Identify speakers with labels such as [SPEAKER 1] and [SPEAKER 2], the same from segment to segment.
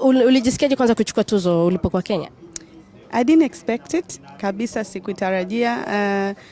[SPEAKER 1] Ulijisikiaje kwanza kuchukua tuzo ulipokuwa Kenya?
[SPEAKER 2] I didn't expect it kabisa, sikuitarajia. Uh,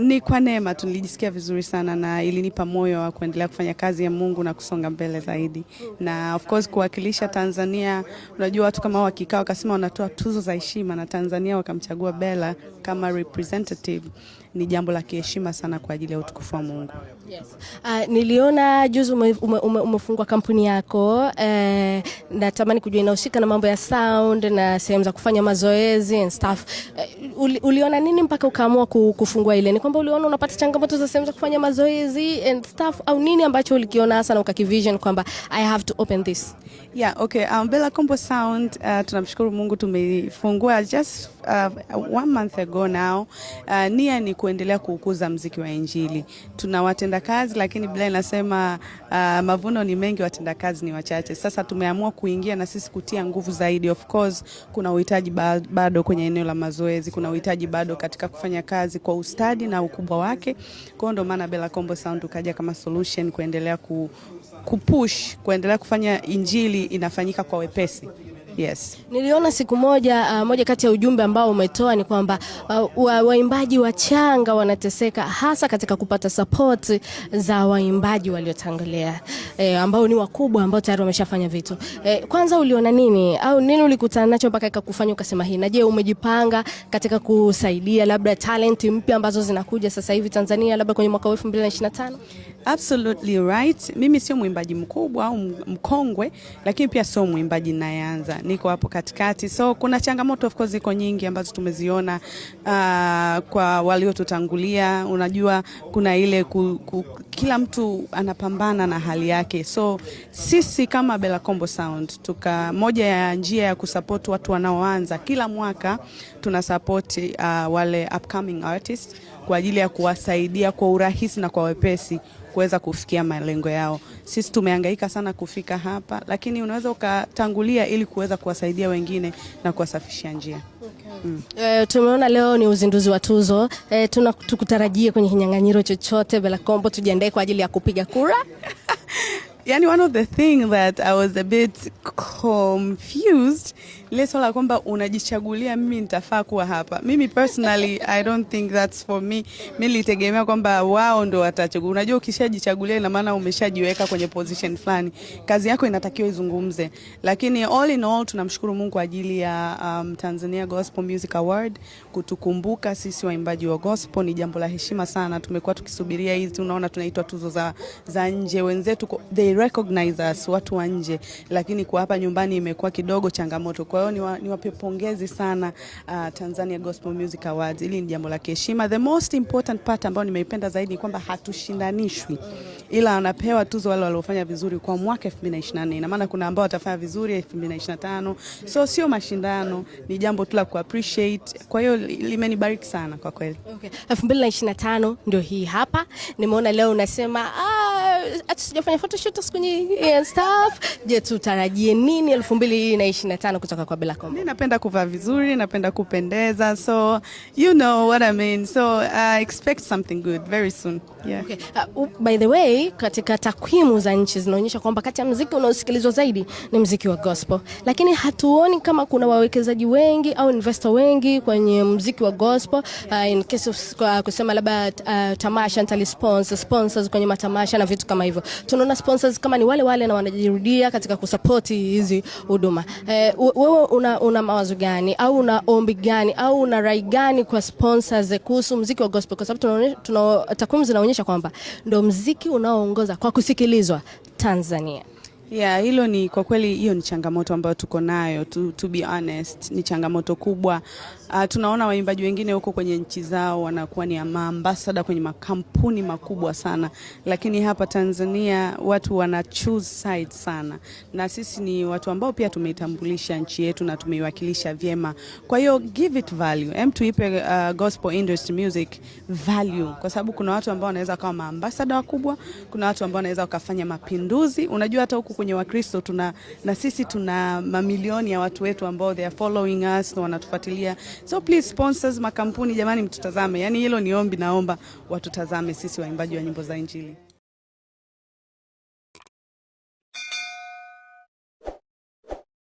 [SPEAKER 2] ni kwa neema tu, nilijisikia vizuri sana na ilinipa moyo wa kuendelea kufanya kazi ya Mungu na kusonga mbele zaidi, na of course kuwakilisha Tanzania. Unajua watu kama wakikaa wakasema wanatoa tuzo za heshima na Tanzania wakamchagua Bella kama representative, ni jambo la kiheshima sana kwa ajili ya utukufu wa Mungu. Yes.
[SPEAKER 1] Uh, niliona juzi umefungua ume, ume ume kampuni yako uh, natamani kujua inahusika na mambo ya sound na sehemu za kufanya mazoezi and stuff. Uh, uli, uliona nini mpaka ukaamua kufungua ile? Ni kwamba uliona unapata changamoto za sehemu za kufanya mazoezi and stuff au nini ambacho ulikiona hasa na ukakivision kwamba I have to open this?
[SPEAKER 2] Yeah, okay. Um, Bella Combo Sound uh, tunamshukuru Mungu tumeifungua just uh, one month ago now. Uh, nia ni kuendelea kuukuza mziki wa Injili. Tunawatenda watendakazi, lakini Biblia inasema uh, mavuno ni mengi, watendakazi ni wachache. Sasa tumeamua kuingia na sisi kutia nguvu zaidi. Of course kuna uhitaji bado kwenye eneo la mazoezi, kuna uhitaji bado katika kufanya kazi kwa ustadi na ukubwa wake. Kwa hiyo ndio maana Bella Combo Sound ukaja kama solution kuendelea ku, kupush kuendelea kufanya injili inafanyika kwa wepesi. Yes.
[SPEAKER 1] Niliona siku moja uh, moja kati ya ujumbe ambao umetoa ni kwamba uh, waimbaji wachanga wanateseka hasa katika kupata support za waimbaji waliotangulia eh, ambao ni wakubwa ambao tayari wameshafanya vitu. Eh, kwanza uliona nini au nini ulikutana nacho mpaka ikakufanya ukasema hii? Na je, umejipanga katika kusaidia labda talent mpya ambazo zinakuja sasa hivi Tanzania labda kwenye mwaka 2025?
[SPEAKER 2] Absolutely right. Mimi sio mwimbaji mkubwa au mkongwe, lakini pia sio mwimbaji nayeanza, niko hapo katikati. So kuna changamoto of course ziko nyingi ambazo tumeziona uh, kwa waliotutangulia. Unajua kuna ile ku, ku, kila mtu anapambana na hali yake, so sisi kama Bella Combo Sound tuka moja ya njia ya kusupport watu wanaoanza, kila mwaka tunasupport uh, wale upcoming artists kwa ajili ya kuwasaidia kwa urahisi na kwa wepesi kuweza kufikia malengo yao. Sisi tumehangaika sana kufika hapa, lakini unaweza ukatangulia ili kuweza kuwasaidia wengine na kuwasafishia njia. Okay.
[SPEAKER 1] Mm. E, tumeona leo ni uzinduzi wa tuzo e, tuna tukutarajie kwenye kinyang'anyiro chochote Bella Kombo, tujiandae kwa ajili ya kupiga kura
[SPEAKER 2] yani one of the thing that I was a bit confused ile swala kwamba unajichagulia mimi nitafaa kuwa hapa. Mimi personally I don't think that's for me. Mimi nilitegemea kwamba wao ndo watachagua. Unajua, ukishajichagulia ina maana umeshajiweka kwenye position fulani, kazi yako inatakiwa izungumze. Lakini all in all tunamshukuru Mungu kwa ajili ya um, Tanzania Gospel Music Award kutukumbuka sisi waimbaji wa gospel. Ni jambo la heshima sana, tumekuwa tukisubiria hizi, unaona tunaitwa tuzo za, za nje wenzetu they recognize us watu wa nje, lakini kwa hapa nyumbani imekuwa kidogo changamoto. Kwa hiyo niwa, ni pongezi sana uh, Tanzania Gospel Music Awards. Hili ni jambo la heshima. The most important part ambayo nimeipenda zaidi ni kwamba hatushindanishwi, ila anapewa tuzo wale waliofanya vizuri kwa mwaka 2024. Ina maana kuna ambao watafanya vizuri 2025, so sio mashindano, ni jambo tu la ku appreciate. Kwa hiyo limenibariki sana kwa kweli. Okay.
[SPEAKER 1] 2025 ndio hii hapa, nimeona leo unasema ah, ati sijafanya photoshoot siku nyingi and stuff. Je, tutarajie nini 2025 kutoka kwa Bella Kombo?
[SPEAKER 2] Mimi napenda kuvaa vizuri, napenda kupendeza. So, you know what I mean. So, I uh, expect something good very soon. Yeah. Okay.
[SPEAKER 1] Uh, by the way, katika takwimu za nchi zinaonyesha kwamba kati ya muziki unaosikilizwa zaidi ni muziki wa gospel. Lakini hatuoni kama kuna wawekezaji wengi au investor wengi kwenye muziki wa gospel uh, in case of uh, kusema labda uh, tamasha nitali sponsor sponsors kwenye matamasha na vitu kama kama hivyo. Tunaona sponsors kama ni wale wale na wanajirudia katika kusapoti hizi huduma. Eh, wewe una, una mawazo gani au una ombi gani au una rai gani kwa sponsors kuhusu muziki wa gospel? Kwa sababu takwimu zinaonyesha kwamba ndio muziki unaoongoza kwa kusikilizwa Tanzania.
[SPEAKER 2] Yeah, hilo ni kwa kweli, hiyo ni changamoto ambayo tuko nayo to, to be honest, ni changamoto kubwa. Uh, tunaona waimbaji wengine huko kwenye nchi zao wanakuwa ni maambasada kwenye makampuni makubwa sana, lakini hapa Tanzania watu wana choose side sana, na sisi ni watu ambao pia tumeitambulisha nchi yetu na tumeiwakilisha vyema. Kwa hiyo give it value, em, tuipe uh, gospel industry music value, kwa sababu kuna watu ambao wanaweza kuwa maambasada wakubwa, kuna watu ambao wanaweza wakafanya mapinduzi. Unajua hata huku kwenye Wakristo tuna na sisi tuna mamilioni ya watu wetu ambao they are following us na wanatufuatilia. So please sponsors, makampuni jamani, mtutazame. Yani hilo ni ombi, naomba watutazame sisi waimbaji wa nyimbo za Injili.